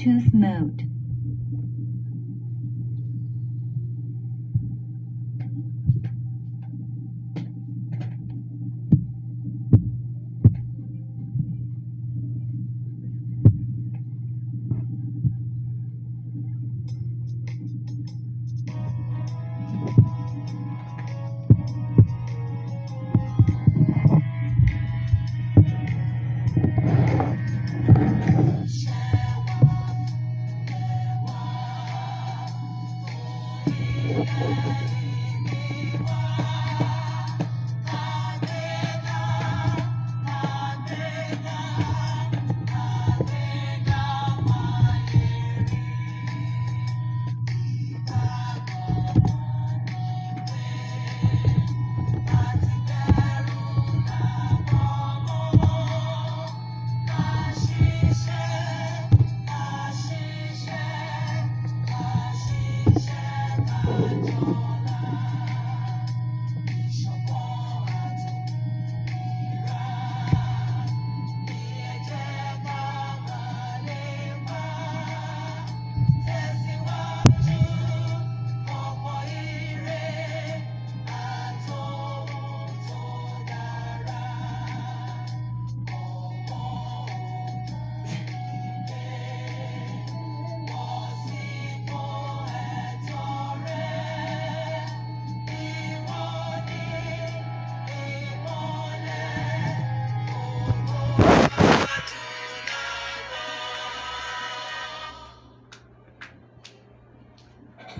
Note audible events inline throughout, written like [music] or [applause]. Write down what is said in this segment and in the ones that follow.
Tooth mode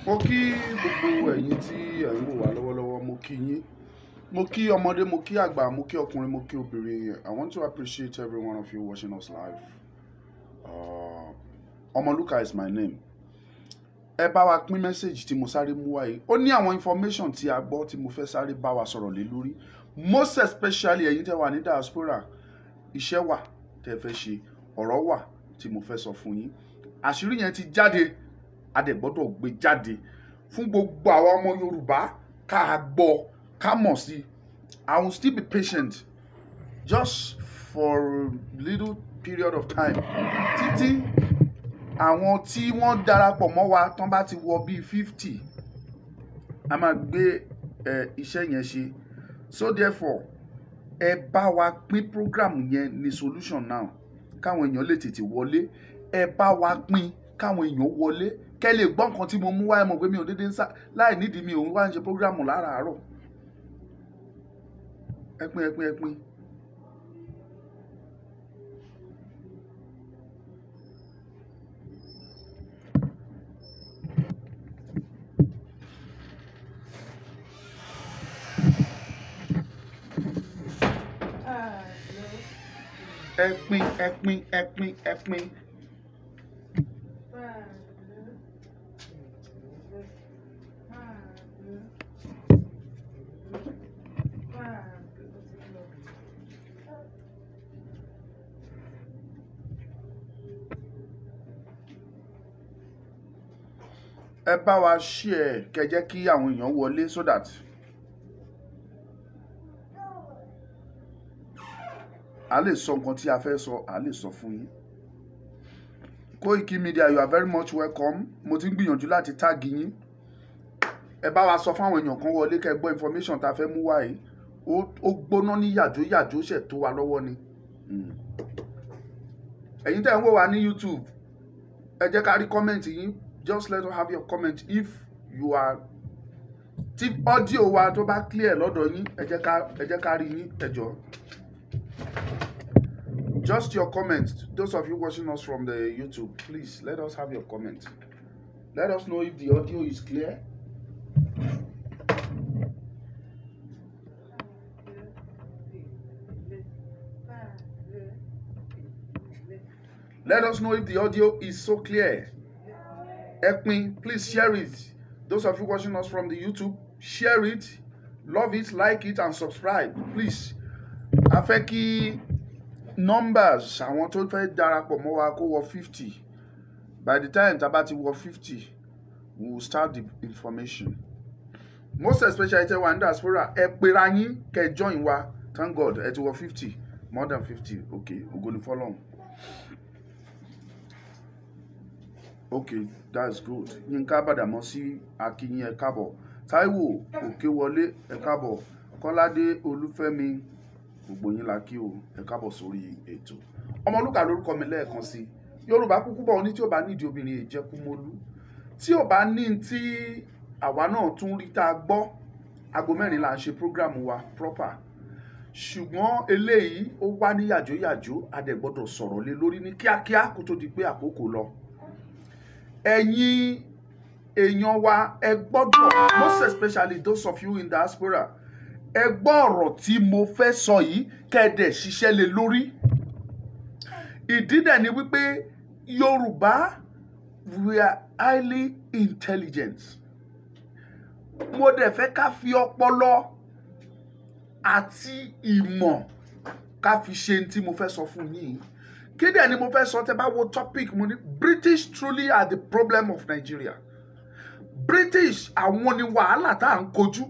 mo kí gbogbo ẹ̀yin tí ẹ̀ ń wò wá lọ́wọ́lọ́wọ́ mo kí yín mo kí ọmọdé mo kí àgbà mo kí ọkùnrin mo kí obìnrin I want to appreciate every one of you watching us live uh, is my name ẹ bá wa pín mẹ́sẹ̀gì tí mo sáré mú wáyé ó ní àwọn information tí a gbọ́ tí mo fẹ́ sáré bá wa sọ̀rọ̀ lé lórí most especially ẹ̀yin tẹ́ wà ní diaspora iṣẹ́ wà tẹ́ fẹ́ ṣe ọ̀rọ̀ wà tí mo fẹ́ sọ fún yín àṣírí yẹn ti jáde a gbé jáde fún gbogbo àwa ọmọ Yorùbá ká gbọ́ ká mọ̀ sí i will still be patient just for a little period of time títí àwọn tí wọ́n darapọ̀ mọ́ wa tán bá ti wọ bíi fifty a máa gbé iṣẹ́ yẹn ṣe so therefore ẹ bá wa pín program yẹn ní solution now káwọn èèyàn lè tètè wọlé ẹ bá wa pín káwọn èèyàn wọlé kẹ́ lè gbọ́ nǹkan tí mo mú wá ẹ mọ̀ pé mi ò déédéé ń sá láì nídìí mi ò ń wá ń ṣe prógrámù láràárọ̀ ẹpin ẹpin ẹpin. Ah, ẹpin ẹpin ẹpin ẹpin. ẹ bá wa share kẹ́ jẹ́ kí àwọn èèyàn wọlé so that a lè sọ nǹkan tí a fẹ́ sọ a lè sọ fún yín Koiki Media you are very much welcome mo ti ń gbìyànjú láti táàgì yín ẹ bá wa sọ fún àwọn èèyàn kan wọlé kẹ́ gbọ́ information tá a fẹ́ mú wá yìí ó gbóná ní yàjó yàjó ṣe tó wa lọ́wọ́ ni hmm. ẹ̀yin tẹ́ ń wò wá ní YouTube ẹ jẹ́ ká rí kọ́mẹ́ǹtì yín just let us have your comment if you are tí audio wa tó bá clear lọ́dọ̀ yín ẹ jẹ́ ká ẹ jẹ́ ká rí Just your comments. Those of you watching us from the YouTube, please let us have your comment. Let us know if the audio is clear. Let us know if the audio is so clear. Help me, please share it. Those of you watching us from the YouTube, share it, love it, like it, and subscribe, please. A fẹ́ kí numbers àwọn tó fẹ́ darapọ̀ mọ́ wa kó wọ fifty. By the time tá bá ti wọ fifty, we will start the information. Most especially tẹ́ wà ní diaspora, ẹ pera yín kẹ́ join wa. Thank God, ẹ ti wọ fifty, more than fifty. Okay, ògo ni fọ́lọ́run okay that's good yínká bàdàmọ́sí akínyìn ẹ káàbọ̀ táíwò òkèwọlé ẹ káàbọ̀ kọ́ládé olúfẹ́mi gbogbo yín la kí o ẹ káàbọ̀ sórí ètò ọmọlúkà lórúkọ mi lẹ́ẹ̀kan sí yorùbá kúkú bọ̀ ní tí ó bá nídìí obìnrin ìjẹkúmọlú tí ò bá ní tí àwa náà tún rí tá a gbọ́ aago mẹ́rin là ṣe program wa proper ṣùgbọ́n eléyìí ó wá ní yàjóyàjó a dẹ̀ gbọ́dọ̀ sọ̀rọ̀ lé lórí ní kíákíá kó tó di pé àkókò lọ ẹ̀yin èèyàn wa ẹ gbọ́dọ̀ most especially those of you in diaspora ẹ gbọ́ ọ̀rọ̀ tí mo fẹ́ sọ yìí kẹ́ẹ̀dẹ̀ ṣiṣẹ́ lé lórí ìdí dẹ̀ ni wípé Yorùbá we are highly intelligent mo dẹ̀ fẹ́ ká fi ọpọlọ àti ìmọ̀ ká fi ṣe ní tí mo fẹ́ sọ fún yín kí dẹ̀ ni mo fẹ́ sọ tẹ́ bá wo topic mo ní British truly are the problem of Nigeria British àwọn ni wàhálà tá à ń kojú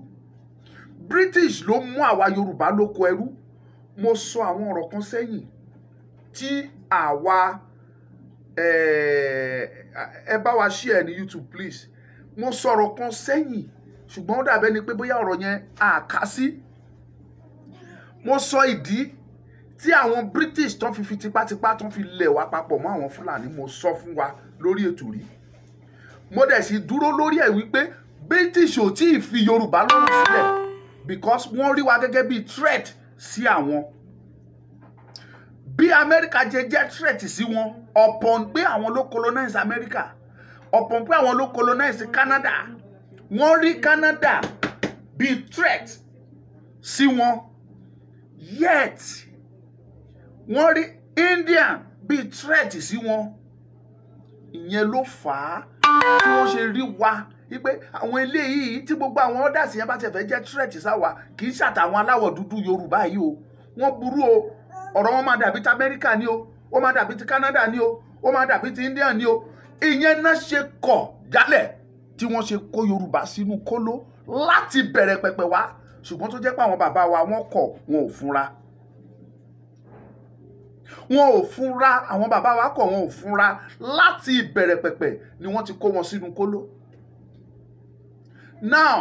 British ló mú àwa Yorùbá lóko ẹrú mo sọ àwọn ọ̀rọ̀ kan sẹ́yìn tí àwa eh, ẹ bá wa share ní YouTube please mo sọ̀rọ̀ kan sẹ́yìn ṣùgbọ́n ó dàbẹ́ ni pé bóyá ọ̀rọ̀ yẹn àkásí mo sọ ìdí tí àwọn British tán fi fi tipátipá tán fi lẹ̀ wá papọ̀ mọ́ àwọn Fúlàní mo sọ fún wa lórí ètò rí mo dẹ̀ sì dúró lórí ẹ̀ wípé British ò tí ì fi Yorùbá lọ́rùn sílẹ̀ because wọ́n rí wa gẹ́gẹ́ bí threat sí àwọn bí America jẹ jẹ́ threat sí wọn upon pé àwọn ló colonize Amẹ́ríkà upon pé àwọn ló colonize Canada wọ́n rí Canada bí threat sí wọn yet wọ́n rí India bíi threat sí wọn ìyẹn ló fà á tí wọ́n ṣe rí wa wípé àwọn eléyìí tí gbogbo àwọn ọ́dàsì yẹn bá ti fẹ́ jẹ́ threat sáwa kì í ṣàtàwọn aláwọ̀ dúdú Yorùbá yìí o wọ́n burú o ọ̀rọ̀ wọn máa dàbí ti Amẹ́ríkà ni o ó máa dàbí ti Canada ni o ó máa dàbí ti India ni o ìyẹn náà ṣe kọ̀ jálẹ̀ tí wọ́n ṣe kó Yorùbá sínú kóló láti bẹ̀rẹ̀ pẹ̀pẹ̀ wá ṣùgbọ́n tó jẹ́ pé àwọn bàbá wa wọ́n kọ̀ wọn ò fúnra wọn ò fúnra àwọn bàbá wa kọ̀ wọn ò fúnra láti ìbẹ̀rẹ̀ pẹ̀pẹ̀ ni wọ́n ti kó wọn sínú kóló now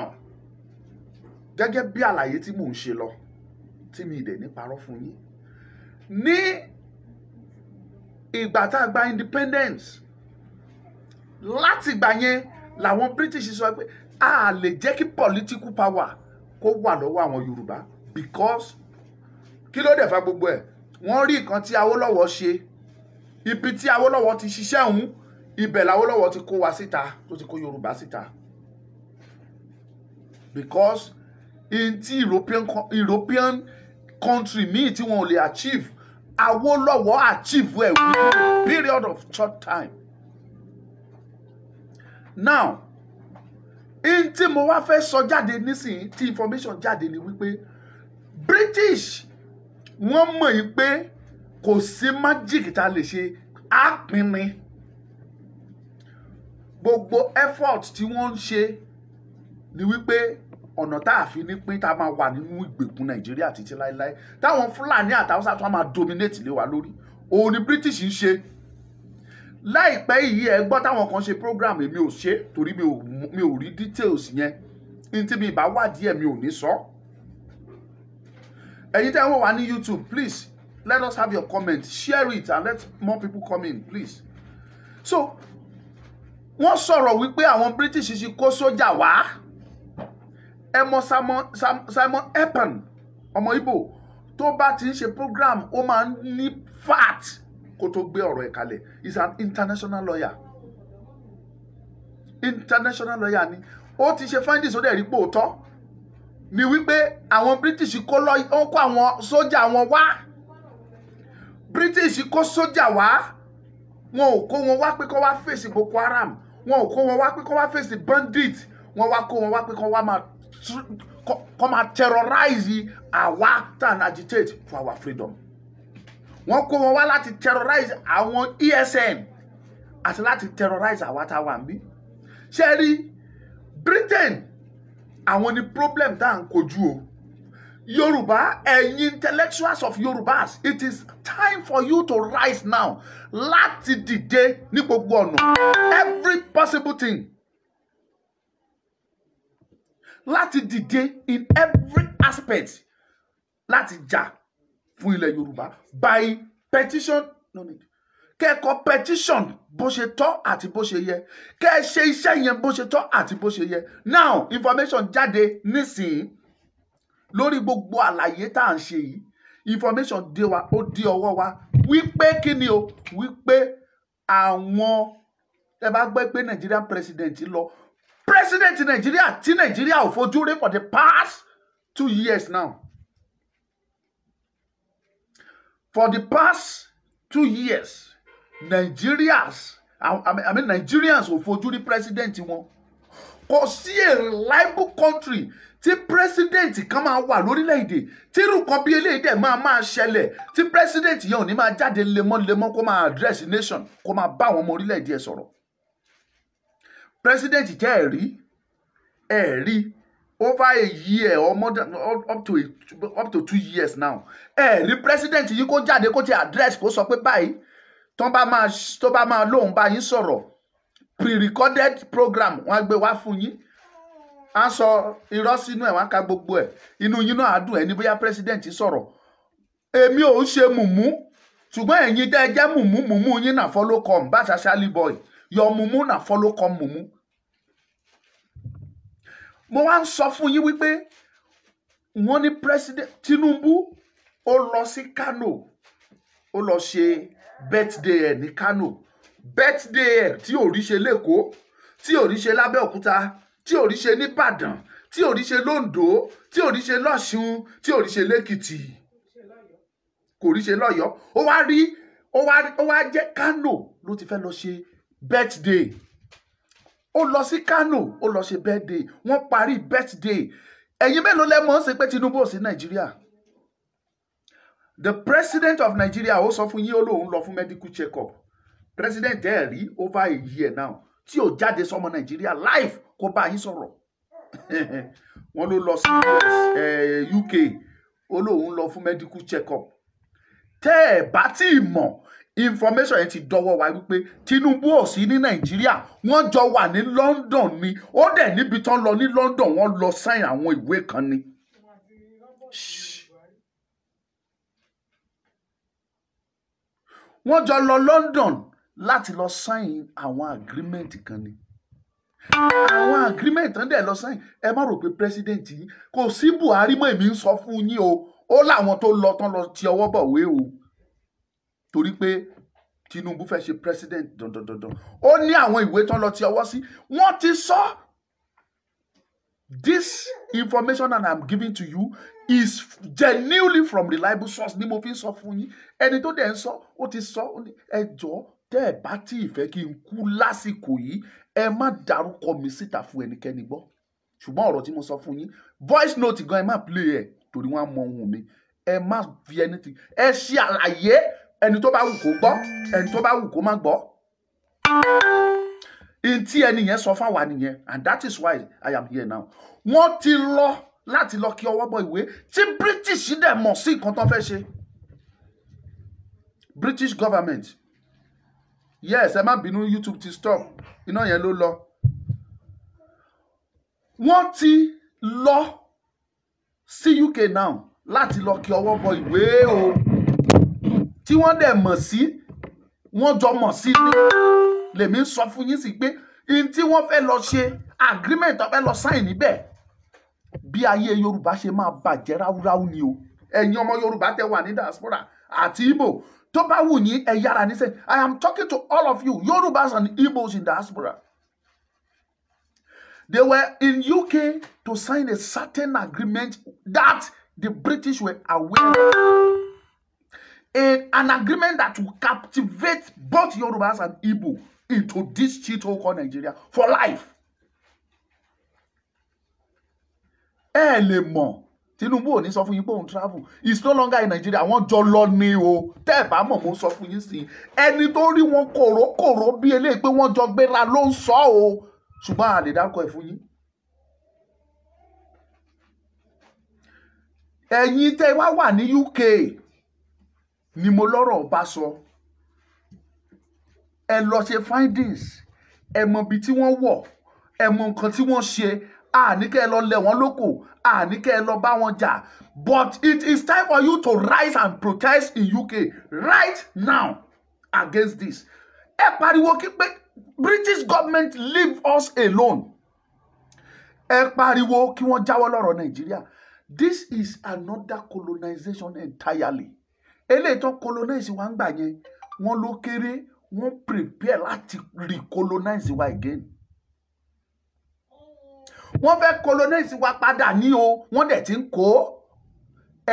gẹ́gẹ́ bí àlàyé tí mò ń ṣe lọ tí mi dẹ̀ ní parọ́ fún yín ní ìgbà tá a gba independence láti ìgbà yẹn làwọn British sọ pé a lè jẹ́ kí political power kó wà lọ́wọ́ àwọn Yorùbá because kí ló dẹ̀ fa gbogbo ẹ̀ wọ́n rí nǹkan tí Awólọ́wọ̀ ṣe ibi tí Awólọ́wọ̀ ti ṣiṣẹ́ òun ibẹ̀ làwólọ́wọ̀ ti kó wa síta tó ti kó Yorùbá síta because in ti European European country míì tí wọn ò lè achieve Awólọ́wọ̀ achieve well within a period of short time now in tí mo wá fẹ́ sọ jáde nísìnyí tí information jáde ni wípé British wọ́n mọ̀ yìí pé kò sí májíìkì tá a lè ṣe á pín ni gbogbo effort tí wọ́n ń ṣe ni wípé ọ̀nà tá a fi ní pín tá a máa wà nínú ìgbèkùn nàìjíríà títí láéláé táwọn fúlàní àtàwọ́sà tó máa dominate lé wa lórí òun ni british ń ṣe láìpẹ́ yìí ẹ gbọ́ táwọn kan ṣe program èmi ò ṣe torí mi ò rí details yẹn ní tí mi ìbá wádìí ẹ̀ mi ò ní sọ. So Anytime, tẹ́ ń wò wá ní YouTube please let us have your comment share it and let more people come in please. so wọ́n sọ̀rọ̀ wípé àwọn British ṣì kó sójà wá ẹ mọ Simon Epan ọmọ Ìgbò tó bá ti ń program Oman, máa fat kó or gbé ọ̀rọ̀ is an international lawyer international lawyer ni ó ti ṣe findings ó dẹ̀ rí pòótọ́ ni wípé àwọn British kó lọ ó kó àwọn sójà wọn wá British kó sójà wá wọn ò kó wọn wá pé kó wá fèsì Boko Haram wọn ò kó wọn wá pé kó wá fèsì bandit wọn wá kó wọn wá pé kó wá máa kó máa terrorize àwa tá n agitate for our freedom wọn kó wọn wá láti terrorize àwọn ESN àti láti terrorize àwa tá a wà ń bí ṣe rí Britain àwọn ni problem tá à ń kojú o yorùbá ẹ̀yin eh, intellectuals of yorùbás it is time for you to rise now láti dìde ní gbogbo ọ̀nà every possible thing láti dìde in every aspect láti jà fún ilẹ̀ yorùbá by petition no need kẹ́ ẹ kọ petition bó ṣe tọ́ àti bó ṣe yẹ kẹ́ ẹ ṣe iṣẹ́ yẹn bó ṣe tọ́ àti bó ṣe yẹ now information jáde nísìnyí lórí gbogbo àlàyé tá à ń ṣe yìí information dé wa ó dé ọwọ́ wa wípé kí ni o wípé àwọn ẹ bá gbọ́ pé Nigerian president lọ president Nigeria ti Nigeria ò fojú rí for the past two years now for the past two years Nigerians I mean Nigerians ò fojú rí president wọn kò sí a reliable country tí president kan máa wà lórílẹ̀‐èdè tí irúkan bí eléyìí dẹ̀ máa máa ṣẹlẹ̀ tí president yẹn ò ní máa jáde lemọ́lemọ́ kó máa address nation kó máa bá àwọn ọmọ orílẹ̀‐èdè ẹ̀ sọ̀rọ̀ president jẹ́ ẹ̀rí ẹ̀rí over a year or more than up to a, up to two years now ẹ̀rí president yìí kó jáde kó ti address kó sọ pé báyìí tó bá máa tó bá máa lóun bá yín sọ̀rọ̀ pre-recorded program wọ́n á gbé wá fún yín á sọ irọ́ sínú ẹ̀ wọ́n á ka gbogbo ẹ̀ inú yín náà á dùn ẹ̀ ní bóyá president sọ̀rọ̀ èmi ò ń ṣe mùmú ṣùgbọ́n ẹ̀yin tẹ́ ẹ jẹ́ mùmú mùmú yín náà follow com. bá ṣaṣálí boy yọ mùmú náà follow com mùmú. mo wá ń sọ fún yín wípé wọ́n ní president Tinubu ó lọ sí Kano ó lọ ṣe birthday ẹ̀ ní Kano birthday ẹ̀ tí ò rí ṣe lẹ́kọ̀ọ́ tí ò rí ṣe lábẹ́òkúta tí ò ṣe nìbàdàn tí ò ṣe londo tí ò rí ṣe lọ́ṣun tí ò rí ṣe lẹ́kìtì kò rí ṣe lọ́yọ́ ó wá rí ó wá ó wá jẹ́ Kano ló ti fẹ́ lọ ṣe birthday ó lọ sí Kano ó lọ ṣe birthday wọ́n parí birthday ẹ̀yin mélòó lẹ́mọ̀ ọ́n ṣe pé Tinubu ò sí Nàìjíríà the president of Nigeria ó sọ fún yín ó lóun lọ medical check up president ẹ̀ over a year now tí ò jáde sọmọ Nigeria life. kó bá yín sọ̀rọ̀ [laughs] wọ́n ló lọ sí UK ó lóun lọ medical check up tẹ́ ẹ̀ bá tí information yẹn ti dọ́wọ́ wa wípé Tinubu ò sí ní Nigeria. wọ́n jọ wà ní London ni ó dẹ̀ níbi tán lọ ní London wọ́n lọ sign àwọn ìwé kan ni. Shh. wọ́n jọ lọ London láti lọ sign àwọn agreement kan ni àwọn agreement tán dẹ̀ lọ sign ẹ má rò pé president yìí kò sí Buhari mọ́ èmi ń sọ fún yín o ó láwọn tó lọ tán lọ ti ọwọ́ bọ̀wé o torí pé Tinubu fẹ́ ṣe president dandandandan ó ní àwọn ìwé tán lọ ti ọwọ́ sí wọ́n ti sọ this information that I'm giving to you is genuinely from reliable source ni mo fi sọ fún yín ẹni tó dẹ̀ ń sọ ó ti sọ ó ní ẹjọ́ tẹ́ ẹ bá tí ì fẹ́ kí n kú lásìkò yìí ẹ má dárúkọ mi síta fún ẹnikẹ́ni gbọ́ ṣùgbọ́n ọ̀rọ̀ tí mo sọ fún yín voice note gan ẹ má play ẹ̀ torí wọ́n á mọ ohun mi ẹ má fi anything ẹ ṣe àlàyé ẹni tó bá wù kó gbọ́ ẹni tó bá wù kó má gbọ́ ntí ẹni yẹn sọ fáwa nìyẹn and that is why I am here now wọ́n ti lọ láti lọ kí ọwọ́ bọ ìwé tí British dẹ̀ mọ̀ sí nǹkan tó fẹ́ ṣe British government yes ẹ má bínú YouTube ti stop iná yẹn ló lọ wọ́n ti lọ sí UK now láti lọ kí ọwọ́ bọ ìwé o tí wọ́n dẹ̀ mọ̀ sí wọ́n jọ mọ̀ sí ní lèmi sọ fún yín sí pé n tí wọ́n fẹ́ lọ ṣe agreement tó fẹ́ lọ sign níbẹ̀ bí ayé yorùbá ṣe máa bàjẹ́ ráúráú ni o ẹ̀yin ọmọ yorùbá tẹ wà ní diaspora àti Igbo tó bá wù yín ẹ yára níṣẹ́ i am talking to all of you yorùbás and igbos in diaspora they were in uk to sign a certain agreement that the british were aware a, an agreement that would captivate both yorùbás and igbo into this shithole called nigeria for life ẹ lè mọ̀ Tinubu ò ní sọ fún yín pé òun travel it's no longer in Nigeria àwọn jọ lọ ni o tẹ́ ẹ̀ bá mọ̀ mo ń sọ fún yín sí i ẹni tó rí wọn kòrókòró bí eléyìí pé wọ́n jọ gbéra ló ń sọ o ṣùgbọ́n a lè dákọ̀ fún yín. ẹ̀yin tẹ́ wá wà ní UK ni mo lọ́rọ̀ bá sọ ẹ lọ ṣe findings ẹ mọ ibi tí wọ́n wọ̀ ẹ mọ nǹkan tí wọ́n ṣe àníkẹ́ ẹ lọ lẹ̀ wọ́n lóko àníkẹ́ ẹ lọ bá wọn jà but it is time for you to rise and protest in UK right now against this ẹ pariwo kí pé British government leave us alone ẹ pariwo kí wọ́n jáwọ́ lọ́rọ̀ Nàìjíríà this is another colonization entirely eléyìí tó colonize wa ń gbà yẹn wọ́n ló kéré wọ́n prepare láti recolonize wa again wọ́n fẹ́ colonize wa padà ní o wọ́n dẹ̀ ti ń kó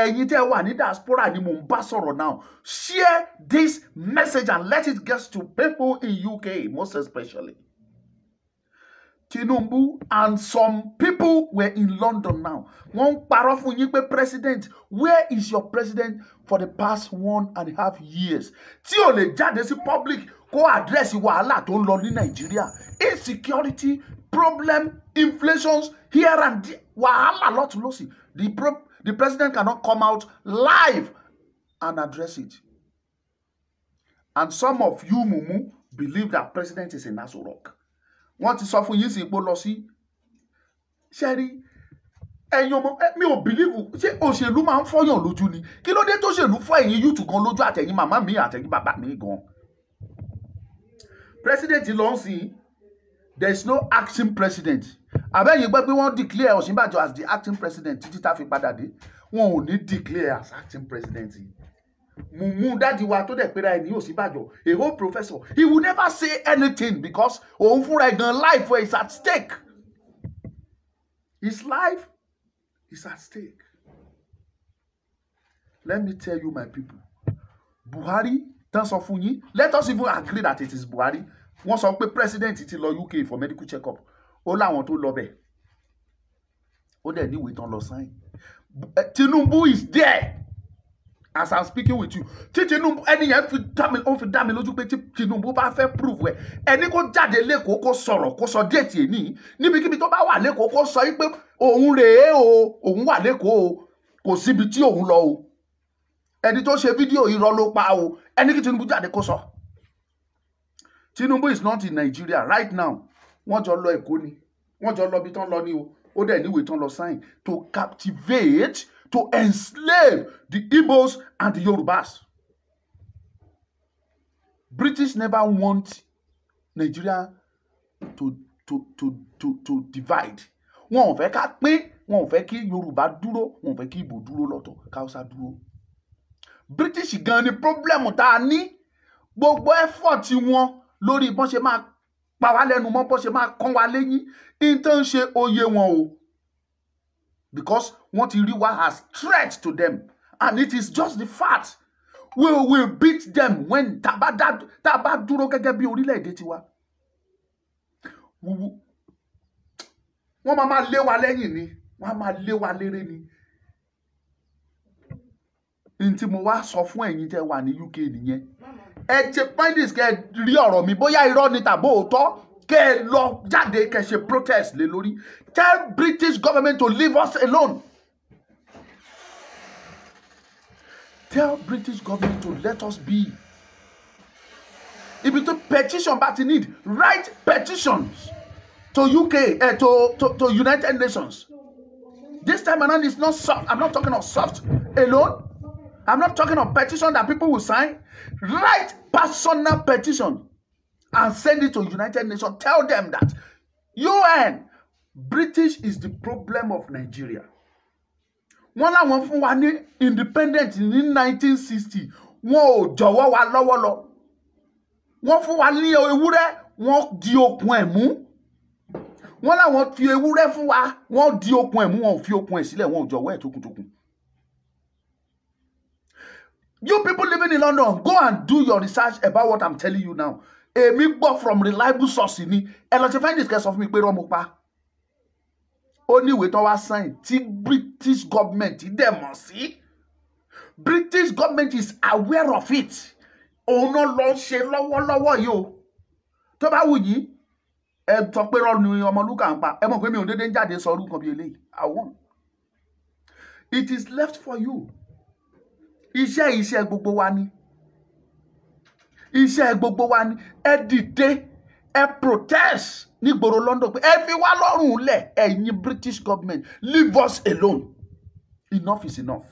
ẹ̀yin tẹ́ wà ní diaspora ni mò ń bá sọ̀rọ̀ now share this message and let it get to people in UK most especially Tinubu and some people were in London now. Wọ́n parọ́ fún yín pé president where is your president for the past one and a half years? Tí ò lè jáde sí public kó àdírẹ́sì wàhálà tó ń lọ ní Nàìjíríà. Insecurity problem inflations here and there wahala lot lọ́sì the pro the president cannot come out live and address it and some of you mumu believe that president is a naso rock wọ́n ti sọ fún yín sí ipò lọ sí ṣẹ́rí ẹ̀yin ọmọ mi ò bìlíìfù ṣé òṣèlú máa ń fọyàn lójú ni kí ló dé tó ṣèlú fọ ẹ̀yin yúùtù gan lójú àtẹ̀yin màmá mi àtẹ̀yin bàbá mi gan president lọ there is no acting president àbẹ́yìn gbọ́ pé wọ́n declare Ọ̀ṣínbàjò as the acting president títí tá a fi padà dé wọn ò ní declare as acting president mumu dadi wa tó dẹ̀ pera ẹ̀ ní a whole professor he will never say anything because òun fúnra ẹ̀ life is at stake his life is at stake let me tell you my people Buhari tán sọ fún yín let us even agree that it is Buhari wọ́n sọ pé president ti lọ UK for medical check up ó láwọn tó lọ bẹ̀ ó dẹ̀ níwèé tán lọ sáyìn Tinubu is there as i'm speaking with you tí Tinubu ẹni yẹn fi dá mi ó fi dá mi lójú pé tí Tinubu bá fẹ́ prove ẹ ẹni kó jáde lẹ́kọ̀ọ́ kó sọ̀rọ̀ kó sọ déètì èní níbikíbi tó bá wà lẹ́kọ̀ọ́ kó sọ pé òun rèé o òun wà lẹ́kọ̀ọ́ o kò síbi tí òun lọ o ẹni tó ṣe fídíò irọ́ ló pa o ẹni kí Tinubu jáde kó sọ. So Tinubu is not in Nigeria right now wọ́n jọ lọ Èkó ni wọ́n jọ lọ bí tán lọ ni o ó dẹ̀ níwèé tán lọ sign to captivate to enslave the Igbos and the Yorubas. British never want Nigeria to to to to to divide. Wọn ò fẹ́ ká pín, wọn ò fẹ́ kí Yorùbá dúró, wọn ò fẹ́ kí Ìgbò dúró lọ́tọ̀, káwọ́sá dúró. British gan ni pírọ́blẹ́mù tá Ni, ní gbogbo effort wọn lórí bọ́n ṣe máa pa wá lẹ́nu mọ́ bọ́n ṣe máa kán wá lẹ́yìn in tó ń ṣe oyè wọn o because wọ́n ti rí wa as threat to them and it is just the fact we will beat them when tá a bá dúró gẹ́gẹ́ bí orílẹ̀-èdè tiwa wọ́n máa máa lé wa lẹ́yìn ni wọ́n á máa lé wa léré ni n tí mo wá sọ fún ẹ̀yin tẹ́ wà ní UK nìyẹn ẹ ṣe findings kẹ rí ọ̀rọ̀ mi bóyá irọ́ ni tàbó òótọ́ kẹ ẹ lọ jáde kẹ ṣe protest lé lórí tell British government to leave us alone tell British government to let us be ibi tó petition bá ti need write petitions to UK uh, eh, to, to to United Nations this time around is not soft I'm not talking of soft alone I'm not talking of petition that people will sign. Write personal petition and send it to United Nations. Tell them that UN British is the problem of Nigeria. One and one for one independent in 1960. Whoa, Jawa jọ̀wọ́ wa One for one year wa ní ewúrẹ́, wọ́n di okun ẹ̀ mú. Wọ́n láwọn fi ewúrẹ́ fún wa, wọ́n di okun ẹ̀ mú, wọ́n ò fi okun ẹ̀ sílẹ̀, wọ́n ò jọ̀wọ́ ẹ̀ tókùntòkùn you people living in London go and do your research about what I'm telling you now èmi gbọ́ from reliable source in me, and ṣe find this case of mi pé only with our ní sign tí British government they must see. British government is aware of it òun náà lọ ṣe lọ́wọ́lọ́wọ́ yìí o tó bá wù yìí ẹ sọ pé rọ́ọ̀nù ọmọlúkà ń pa ẹ mọ̀ pé mi ò déédéé ń jáde sọ orúkọ bíi eléyìí àwọn it is left for you iṣẹ́ iṣẹ́ gbogbo wa ni iṣẹ́ gbogbo wa ni ẹ dìde ẹ protest nígboro London pé ẹ fi wá lọ́rùn lẹ̀ ẹ̀yin British government leave us alone enough is enough.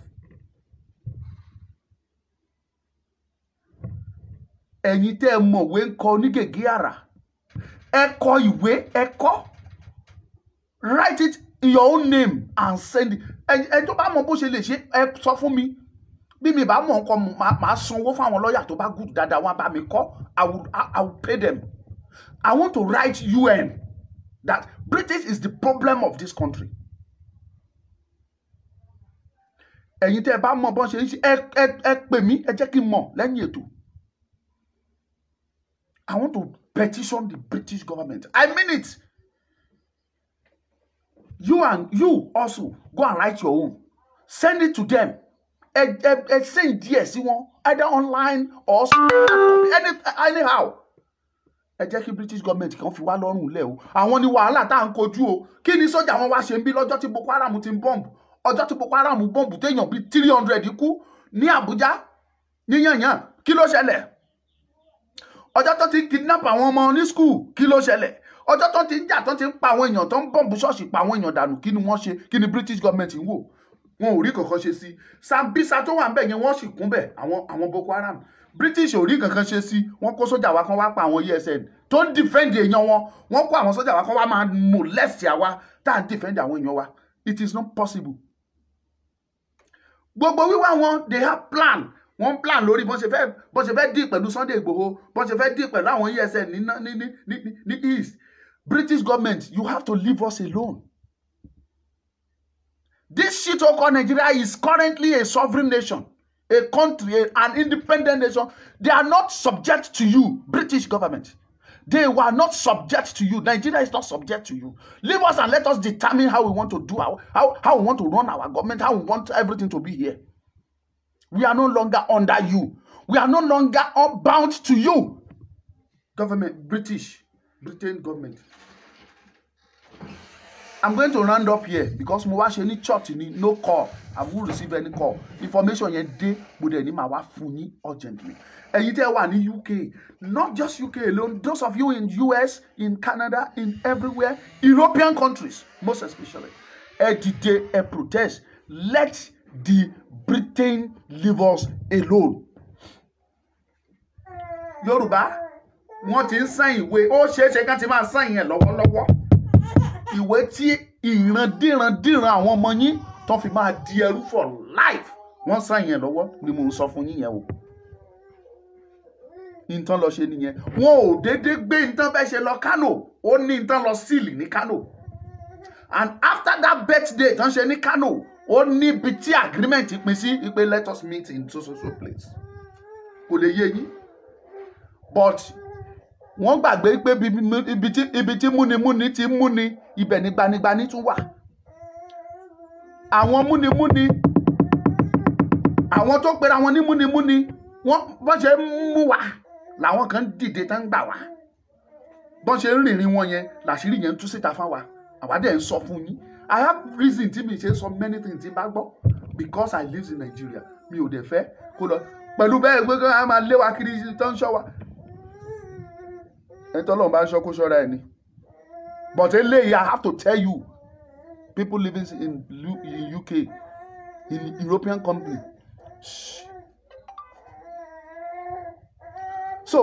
ẹ̀yin tẹ́ ẹ mọ̀wé ń kọ onígègé àrà ẹ kọ ìwé ẹ kọ write it in your own name and send it ẹjọ́ bá mọ bó ṣe lè ṣe ẹ sọ fún mi bí mi bá mọ̀ nǹkan màá sanwó fáwọn lọ́ọ̀yà tó bá gùn dáadáa wọn bá mi kọ́ I will I will pay them I want to write UN that British is the problem of this country. ẹ̀yin tẹ́ ẹ bá mọ̀ bọ́n ṣe ń ṣe ẹ pè mí ẹ jẹ́ kí n mọ̀ lẹ́yìn ètò I want to petition the British government I mean it you and you also go and write your own send it to them ẹ ẹ ẹ send díẹ̀ sí wọn either online or any anyhow ẹ jẹ́ kí British government kan fi wá lọ́rùn lẹ̀ o àwọn ni wàhálà tá à ń kojú o kí ni sójà wọn wá ṣe ń bí lọ́jọ́ tí Boko Haram ti ń bọ́ǹbù ọjọ́ tí Boko Haram bọ́ǹbù téèyàn bíi three hundred kú ní Àbújá níyànyàn kí ló ṣẹlẹ̀ ọjọ́ tó ti kidnap àwọn ọmọ ní school kí ló ṣẹlẹ̀ ọjọ́ tó ti ń jà tó ti ń pa àwọn èèyàn tó ń bọ́ǹbù ṣọ́ọ̀ṣì pa àwọn èèyàn dànù kí ni wọ́n ṣe kí ni British government ń wò wọn ò rí kankan ṣe sí Sambisa tó wà ń bẹ̀ yẹn wọ́n sì kún bẹ̀ àwọn àwọn Boko Haram British ò rí kankan ṣe sí wọ́n kó sójà wa kan wá pa àwọn ESN tó ń defend èèyàn wọn wọ́n kó àwọn sójà wa kan wá máa molest àwa tá à ń defend àwọn èèyàn wa it is not possible. gbogbo wíwá wọn they have plan wọ́n ń plan lórí bọ́n ṣe fẹ́ bọ́n ṣe fẹ́ dì pẹ̀lú Sunday Igboho bọ́n ṣe fẹ́ dì pẹ̀lú àwọn ESN ní ní ní ní east British government you have to leave us alone. This shit called oh Nigeria is currently a sovereign nation, a country, a, an independent nation. They are not subject to you, British government. They were not subject to you. Nigeria is not subject to you. Leave us and let us determine how we want to do our how, how we want to run our government, how we want everything to be here. We are no longer under you. We are no longer bound to you. Government, British, Britain government i'm going to round up here because mo wá ṣe ní church ni no call i won't receive any call information yẹn dé mo dẹ̀ ní màá wá fún urgently ẹ̀yin tẹ́ wà ní uk not just uk alone those of you in us in canada in everywhere european countries most especially ẹ dìde ẹ protest let the britain leave us alone Yoruba, wọn ti sign? sàn ìwé ó ṣeé ṣe kán ti máa sàn yẹn lọ́wọ́lọ́wọ́ ìwé tí ìrandírandiran àwọn ọmọ yín tó fi máa di ẹrú for life wọ́n sàn yẹn lọ́wọ́ ni mò ń sọ fún yín yẹn o nǹkan lọ ṣe nìyẹn wọn ò déédéé gbé nǹkan bẹ́ẹ̀ ṣe lọ Kano ó ní nǹkan lọ síìlì ní Kano and after that birthday tán ṣe ní Kano ó níbi tí agreement pín sí wípé let us meet in so so so place kò lè yé yín but wọ́n gbàgbé pé ibi tí múnimúni ti múni ibẹ̀ ni gbanigbani tún wà àwọn múnimúni àwọn tó pera wọn ní múnimúni wọ́n bọ́n ṣe ń mú wa làwọn kan dìde tán gbà wá bọ́n ṣe ń rìnrìn wọn yẹn làṣírí yẹn ń tú síta fáwa àwa ń sọ fún yín I have reason tí mi ṣe sọ many things tí n bá gbọ́ because I live in Nigeria mi ò dẹ̀ fẹ́ kó lọ pẹ̀lú bẹ́ẹ̀ gbẹ́gbẹ́ a máa lé wa kiri tó ń ṣọ́ wa ẹni bá ń ṣọ́ ṣọ́ra ẹ̀ but eléyìí I have to tell you people living in, UK in European company Shh. so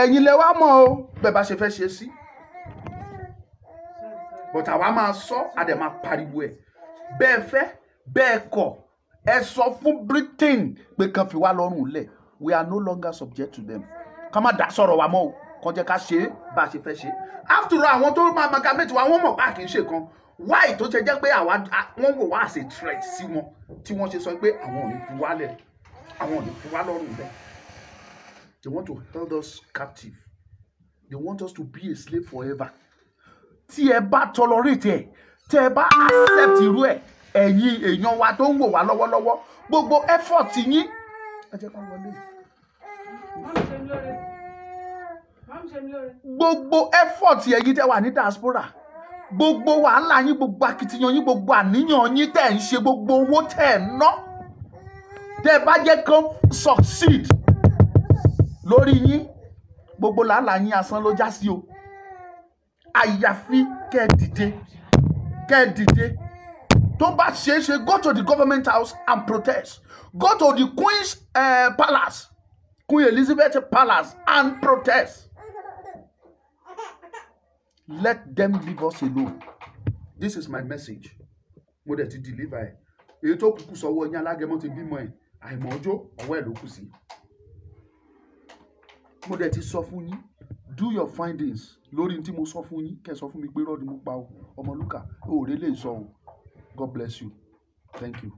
ẹ̀yin lẹ wá mọ̀ o bẹ́ẹ̀ bá ṣe fẹ́ ṣe sí but àwa máa sọ àdẹ̀ máa pariwo ẹ̀ bẹ́ẹ̀ fẹ́ bẹ́ẹ̀ kọ̀ ẹ sọ fún Britain pé kan fi wá lọ́rùn lẹ̀ we are no longer subject to them kán má dá sọ̀rọ̀ wa mọ́ o kàn jẹ́ ká ṣe é bá a ṣe fẹ́ ṣe after all àwọn tó máa magamate wa wọ́n mọ̀ pé àkì í ṣe kan why tó ṣe jẹ́ pé wọ́n wò wá as threat sí wọn tí wọ́n ṣe sọ pé àwọn ò ní fi wálẹ̀ àwọn ò ní fi wá lọ́rùn bẹ́ẹ̀ they want to hold us captive they want us to be a slave forever tí ẹ bá tolerate ẹ tẹ ẹ bá accept irú ẹ ẹ̀yin èèyàn wa tó ń wò wá lọ́wọ́lọ́wọ́ gbogbo effort yín ẹ jẹ́ ká wọlé yìí. gbogbo effort yẹn yìí tẹ́ wà ní diaspora gbogbo wàhálà yín gbogbo akitiyan yín gbogbo àníyàn yín tẹ́ ń ṣe gbogbo owó tẹ́ ń ná tẹ́ bá jẹ́ kán succeed lórí yín gbogbo làálàá yín asán ló já sí o àyàfi kẹ́ dìde kẹ́ dìde tó bá ṣeé ṣe go to the government house and protest go to the queen's uh, palace Queen Elizabeth Palace and protest let them leave us alone this is my message mo dẹ̀ ti deliver ẹ̀ èyí to kúkú sọ́wọ́ yín alágẹmọ ti bímọ ẹ̀ àìmọ̀ ọjọ́ ọwọ́ ẹ̀ ló kù sí mo dẹ̀ ti sọ fún yín do your findings lórí tí mo sọ fún yín kẹ́ sọ fún mi pé rọ́ọ̀dì mo pa ọmọlúkà òòrè lè sọ o God bless you thank you.